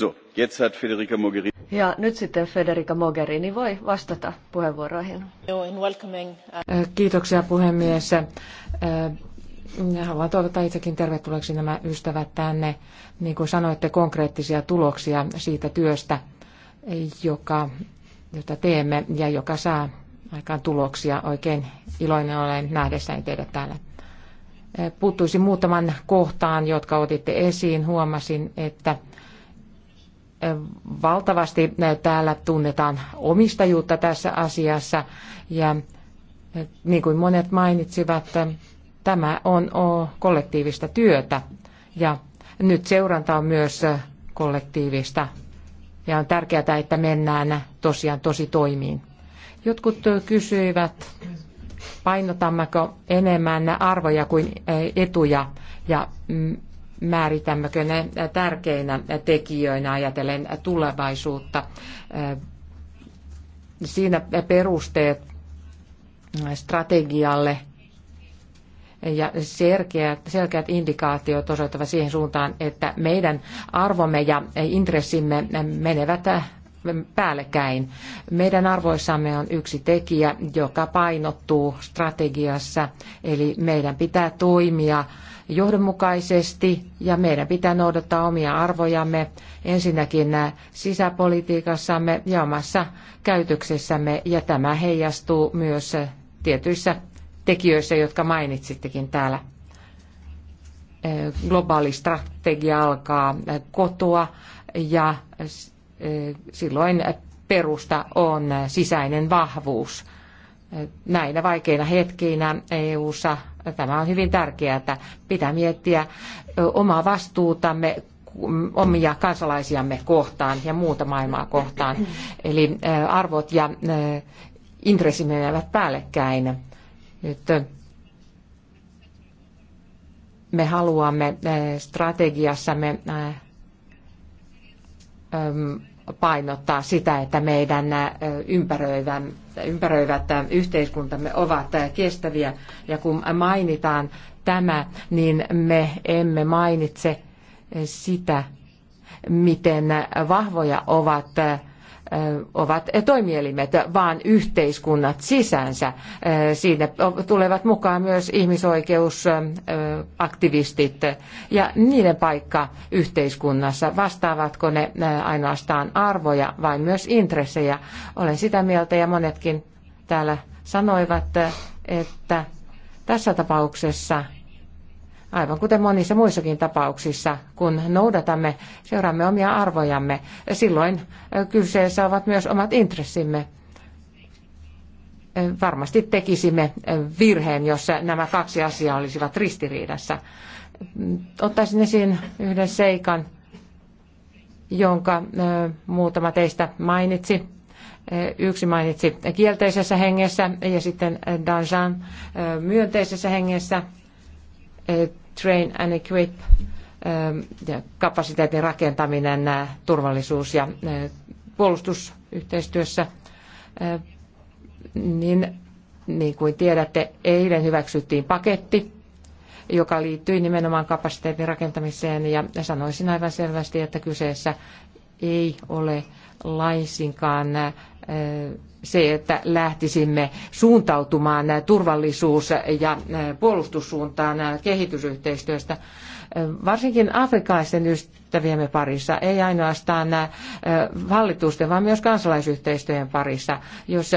So, jetzt hat Federica Mogherini. Ja nyt sitten Federica Mogherini voi vastata puheenvuoroihin. Uh, kiitoksia puhemies. Haluan toivottaa itsekin tervetulleeksi nämä ystävät tänne. Niin kuin sanoitte, konkreettisia tuloksia siitä työstä, joka, jota teemme ja joka saa aikaan tuloksia. Oikein iloinen olen nähdessäni teidät täällä. Puuttuisin muutaman kohtaan, jotka otitte esiin. Huomasin, että valtavasti täällä tunnetaan omistajuutta tässä asiassa ja niin kuin monet mainitsivat, tämä on kollektiivista työtä ja nyt seuranta on myös kollektiivista ja on tärkeää, että mennään tosiaan tosi toimiin. Jotkut kysyivät, painotammeko enemmän arvoja kuin etuja ja mm, määritämmekö ne tärkeinä tekijöinä ajatellen tulevaisuutta. Siinä perusteet strategialle ja selkeät, selkeät indikaatiot osoittavat siihen suuntaan, että meidän arvomme ja intressimme menevät päällekkäin. Meidän arvoissamme on yksi tekijä, joka painottuu strategiassa, eli meidän pitää toimia johdonmukaisesti ja meidän pitää noudattaa omia arvojamme ensinnäkin sisäpolitiikassamme ja omassa käytöksessämme ja tämä heijastuu myös tietyissä tekijöissä, jotka mainitsittekin täällä. Globaali strategia alkaa kotoa ja silloin perusta on sisäinen vahvuus. Näinä vaikeina hetkinä EU:ssa Tämä on hyvin tärkeää. Pitää miettiä omaa vastuutamme mm, omia kansalaisiamme kohtaan ja muuta maailmaa kohtaan. Eli arvot ja intressimme menevät päällekkäin. Nyt me haluamme strategiassamme painottaa sitä, että meidän ympäröivän ympäröivät yhteiskuntamme ovat kestäviä. Ja kun mainitaan tämä, niin me emme mainitse sitä, miten vahvoja ovat ovat toimielimet, vaan yhteiskunnat sisänsä. Siinä tulevat mukaan myös ihmisoikeusaktivistit ja niiden paikka yhteiskunnassa. Vastaavatko ne ainoastaan arvoja vai myös intressejä? Olen sitä mieltä ja monetkin täällä sanoivat, että tässä tapauksessa aivan kuten monissa muissakin tapauksissa, kun noudatamme, seuraamme omia arvojamme, silloin kyseessä ovat myös omat intressimme. Varmasti tekisimme virheen, jos nämä kaksi asiaa olisivat ristiriidassa. Mm, ottaisin esiin yhden seikan, jonka muutama teistä mainitsi. Yksi mainitsi kielteisessä hengessä ja sitten Danjan myönteisessä hengessä train and equip, ähm, kapasiteetin rakentaminen, äh, turvallisuus ja äh, puolustusyhteistyössä, äh, niin, niin kuin tiedätte, eilen hyväksyttiin paketti, joka liittyi nimenomaan kapasiteetin rakentamiseen ja sanoisin aivan selvästi, että kyseessä ei ole laisinkaan se, että lähtisimme suuntautumaan turvallisuus- ja puolustussuuntaan kehitysyhteistyöstä, varsinkin afrikkalaisten ystäviemme parissa, ei ainoastaan hallitusten, vaan myös kansalaisyhteistyön parissa, jos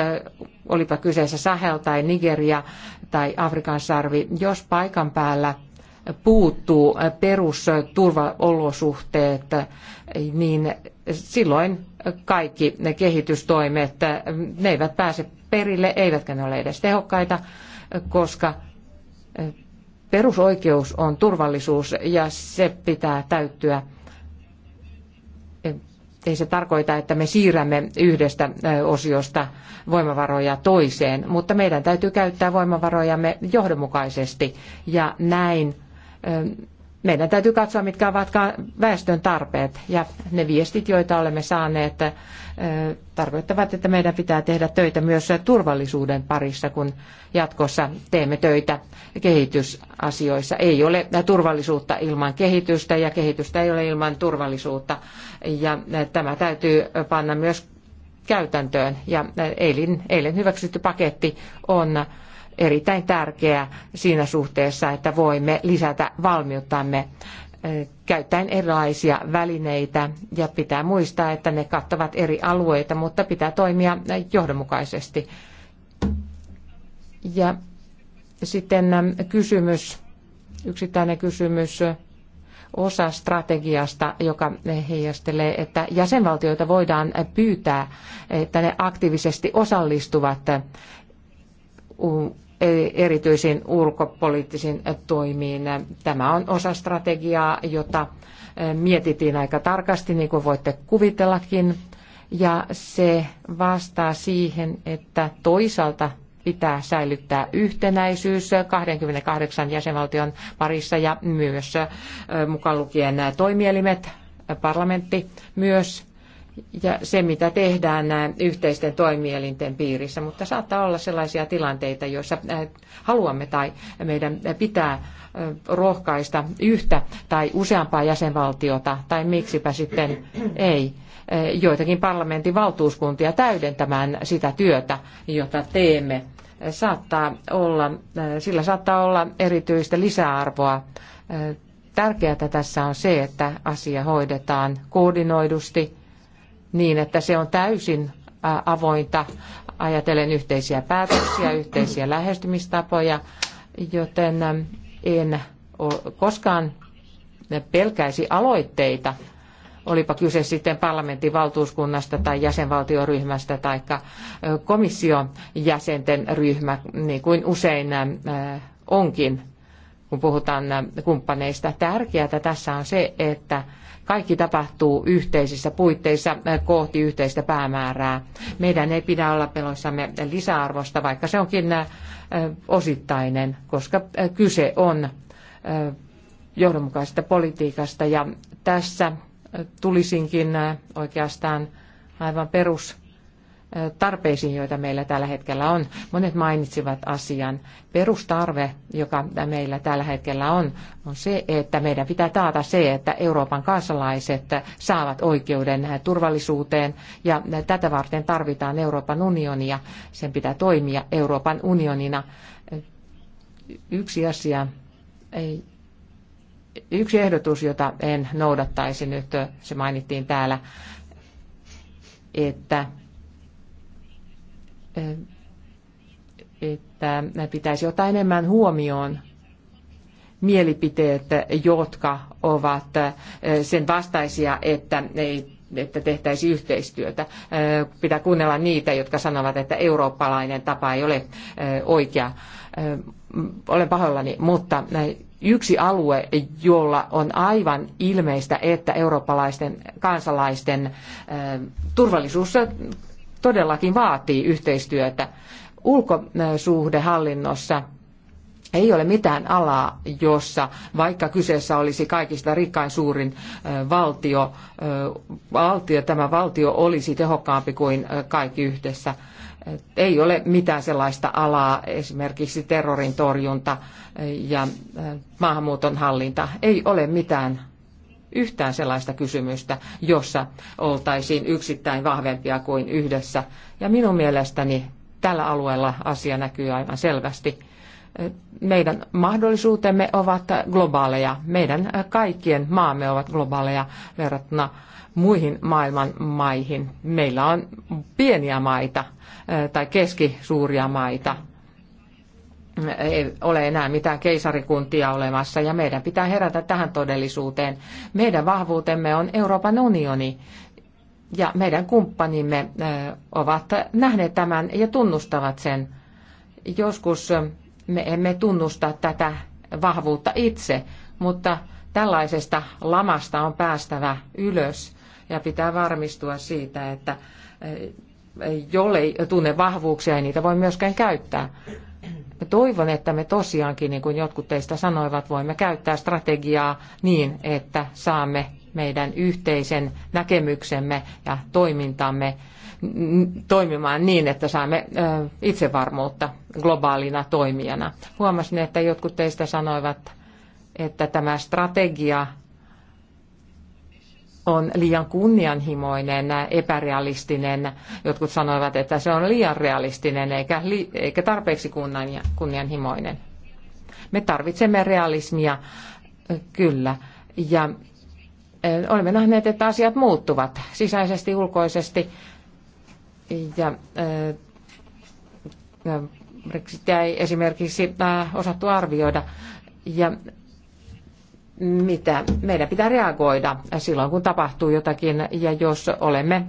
olipa kyseessä Sahel tai Nigeria tai Afrikan sarvi, jos paikan päällä puuttuu perusturvaolosuhteet, niin silloin kaikki ne kehitystoimet, äh, ne eivät pääse perille, eivätkä ne ole edes tehokkaita, koska äh, perusoikeus on turvallisuus ja se pitää täyttyä. Äh, ei se tarkoita, että me siirrämme yhdestä osiosta voimavaroja toiseen, mutta meidän täytyy käyttää voimavarojamme johdonmukaisesti ja näin meidän täytyy katsoa, mitkä ovat väestön tarpeet. Ja ne viestit, joita olemme saaneet, tarkoittavat, että meidän pitää tehdä töitä myös turvallisuuden parissa, kun jatkossa teemme töitä kehitysasioissa. Ei ole turvallisuutta ilman kehitystä ja kehitystä ei ole ilman turvallisuutta. Ja tämä täytyy panna myös käytäntöön. Ja eilen, eilen hyväksytty paketti on erittäin tärkeä siinä suhteessa, että voimme lisätä valmiuttamme käyttäen erilaisia välineitä ja pitää muistaa, että ne kattavat eri alueita, mutta pitää toimia johdonmukaisesti. Ja sitten kysymys, yksittäinen kysymys osa strategiasta, joka heijastelee, että jäsenvaltioita voidaan pyytää, että ne aktiivisesti osallistuvat erityisiin ulkopoliittisiin toimiin. Tämä on osa strategiaa, jota mietittiin aika tarkasti, niin kuin voitte kuvitellakin. Ja se vastaa siihen, että toisaalta pitää säilyttää yhtenäisyys 28 jäsenvaltion parissa ja myös mukaan lukien toimielimet, parlamentti myös ja se, mitä tehdään äh, yhteisten toimielinten piirissä, mutta saattaa olla sellaisia tilanteita, joissa äh, haluamme tai meidän pitää äh, rohkaista yhtä tai useampaa jäsenvaltiota, tai miksipä sitten ei, joitakin parlamentin valtuuskuntia täydentämään sitä työtä, jota teemme. Saattaa olla, sillä saattaa olla erityistä lisäarvoa tärkeää tässä on se, että asia hoidetaan koordinoidusti niin, että se on täysin avointa ajatellen yhteisiä päätöksiä, yhteisiä lähestymistapoja, joten en koskaan pelkäisi aloitteita, olipa kyse sitten parlamentin valtuuskunnasta tai jäsenvaltioryhmästä tai komission jäsenten ryhmä, niin kuin usein onkin kun puhutaan kumppaneista. Tärkeää tässä on se, että kaikki tapahtuu yhteisissä puitteissa kohti yhteistä päämäärää. Meidän ei pidä olla peloissamme lisäarvosta, vaikka se onkin osittainen, koska kyse on johdonmukaisesta politiikasta. Ja tässä tulisinkin oikeastaan aivan perus tarpeisiin, joita meillä tällä hetkellä on. Monet mainitsivat asian. Perustarve, joka meillä tällä hetkellä on, on se, että meidän pitää taata se, että Euroopan kansalaiset saavat oikeuden turvallisuuteen ja tätä varten tarvitaan Euroopan unionia. Sen pitää toimia Euroopan unionina. Yksi asia, ei, yksi ehdotus, jota en noudattaisi nyt, se mainittiin täällä, että että pitäisi ottaa enemmän huomioon mielipiteet, jotka ovat sen vastaisia, että ei että tehtäisiin yhteistyötä. Pitää kuunnella niitä, jotka sanovat, että eurooppalainen tapa ei ole oikea. Olen pahoillani, mutta yksi alue, jolla on aivan ilmeistä, että eurooppalaisten kansalaisten turvallisuus todellakin vaatii yhteistyötä. Ulkosuhdehallinnossa ei ole mitään alaa, jossa vaikka kyseessä olisi kaikista rikkain suurin valtio, valtio, tämä valtio olisi tehokkaampi kuin kaikki yhdessä. Ei ole mitään sellaista alaa, esimerkiksi terrorin torjunta ja maahanmuuton hallinta. Ei ole mitään yhtään sellaista kysymystä, jossa oltaisiin yksittäin vahvempia kuin yhdessä. Ja minun mielestäni tällä alueella asia näkyy aivan selvästi. Meidän mahdollisuutemme ovat globaaleja. Meidän kaikkien maamme ovat globaaleja verrattuna muihin maailman maihin. Meillä on pieniä maita eh, tai keskisuuria maita, ei ole enää mitään keisarikuntia olemassa ja meidän pitää herätä tähän todellisuuteen. Meidän vahvuutemme on Euroopan unioni ja meidän kumppanimme ovat nähneet tämän ja tunnustavat sen. Joskus me emme tunnusta tätä vahvuutta itse, mutta tällaisesta lamasta on päästävä ylös ja pitää varmistua siitä, että jollei tunne vahvuuksia, ei niitä voi myöskään käyttää toivon, että me tosiaankin, niin kuin jotkut teistä sanoivat, voimme käyttää strategiaa niin, että saamme meidän yhteisen näkemyksemme ja toimintamme toimimaan niin, että saamme itsevarmuutta globaalina toimijana. Huomasin, että jotkut teistä sanoivat, että tämä strategia on liian kunnianhimoinen, epärealistinen. Jotkut sanoivat, että se on liian realistinen eikä, li, eikä tarpeeksi kunnianhimoinen. Me tarvitsemme realismia, kyllä. Ja e, olemme nähneet, että asiat muuttuvat sisäisesti, ulkoisesti. Ja e, Brexitia ei esimerkiksi osattu arvioida. Ja mitä meidän pitää reagoida silloin, kun tapahtuu jotakin, ja jos olemme,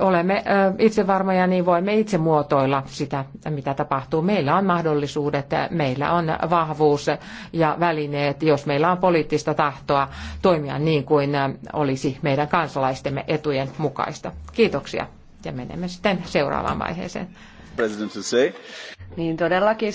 olemme itsevarmoja, niin voimme itse muotoilla sitä, mitä tapahtuu. Meillä on mahdollisuudet, meillä on vahvuus ja välineet, jos meillä on poliittista tahtoa toimia niin kuin olisi meidän kansalaistemme etujen mukaista. Kiitoksia, ja menemme sitten seuraavaan vaiheeseen. Niin todellakin